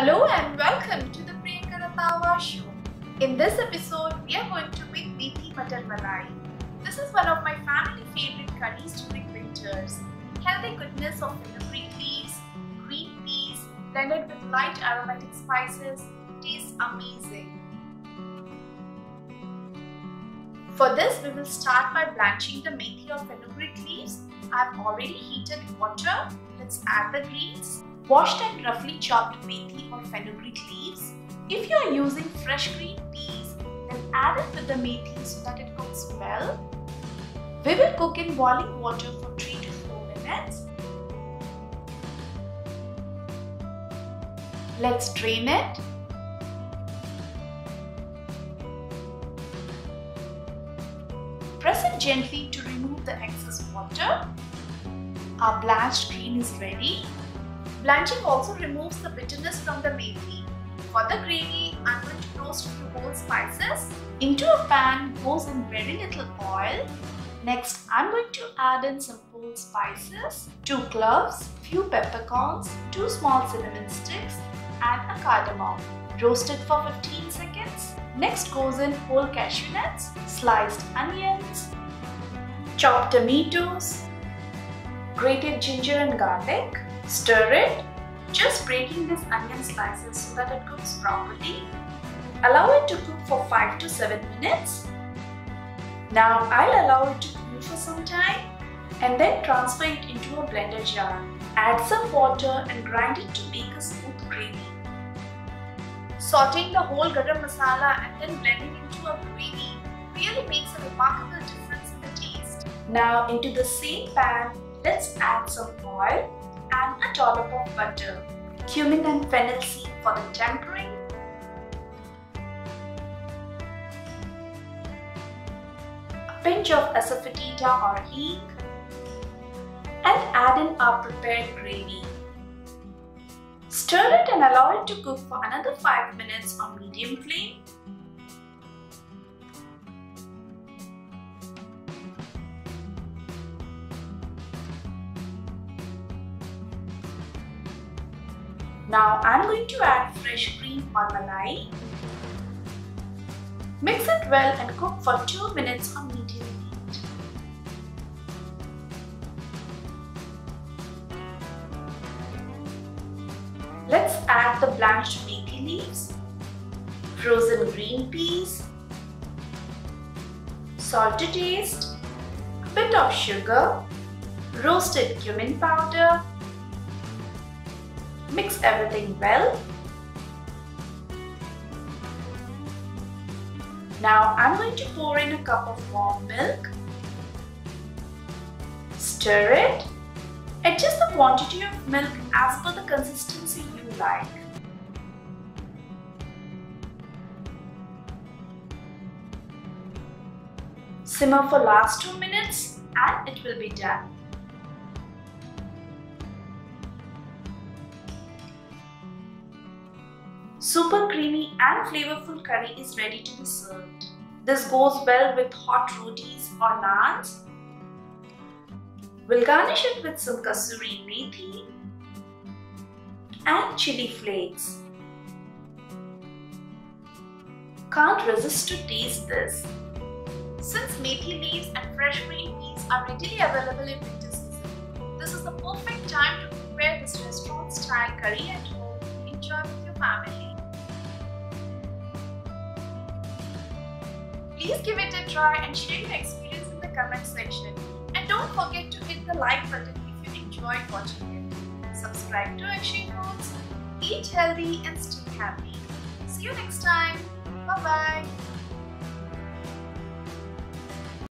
Hello and welcome to the Priyanka Ratnawa Show. In this episode, we are going to make Methi Matar Malai. This is one of my family favorite curries during winters. Healthy goodness of fenugreek leaves, green peas, blended with light aromatic spices, tastes amazing. For this, we will start by blanching the methi or fenugreek leaves. I've already heated water. Let's add the greens washed and roughly chopped methi or fenugreek leaves. If you are using fresh green peas, then add it with the methi so that it cooks well. We will cook in boiling water for 3 to 4 minutes. Let's drain it. Press it gently to remove the excess water. Our blanched green is ready. Blanching also removes the bitterness from the main meat. For the gravy, I'm going to roast few whole spices. Into a pan goes in very little oil. Next, I'm going to add in some whole spices, 2 cloves, few peppercorns, 2 small cinnamon sticks and a cardamom. Roast it for 15 seconds. Next goes in whole cashew nuts, sliced onions, chopped tomatoes, grated ginger and garlic, Stir it, just breaking this onion slices so that it cooks properly. Allow it to cook for 5 to 7 minutes. Now I'll allow it to cool for some time and then transfer it into a blender jar. Add some water and grind it to make a smooth gravy. Sauteing the whole garam masala and then blending into a gravy really makes a remarkable difference in the taste. Now into the same pan, let's add some oil and a dollop of butter, cumin and fennel seed for the tempering, a pinch of asafoetida or heek, and add in our prepared gravy. Stir it and allow it to cook for another 5 minutes on medium flame. Now I'm going to add fresh cream on malai. Mix it well and cook for 2 minutes on medium heat. Let's add the blanched meathi leaves, frozen green peas, salt to taste, a bit of sugar, roasted cumin powder, mix everything well. Now I'm going to pour in a cup of warm milk. Stir it. Adjust the quantity of milk as per the consistency you like. Simmer for last 2 minutes and it will be done. Super creamy and flavorful curry is ready to be served. This goes well with hot rotis or naans. We'll garnish it with some kasuri methi and chili flakes. Can't resist to taste this. Since methi leaves and fresh green peas are readily available in winter season, this is the perfect time to prepare this restaurant-style curry at home. Enjoy with your family. Please give it a try and share your experience in the comment section. And don't forget to hit the like button if you enjoyed watching it. Subscribe to Action Foods, eat healthy and stay happy. See you next time. Bye bye.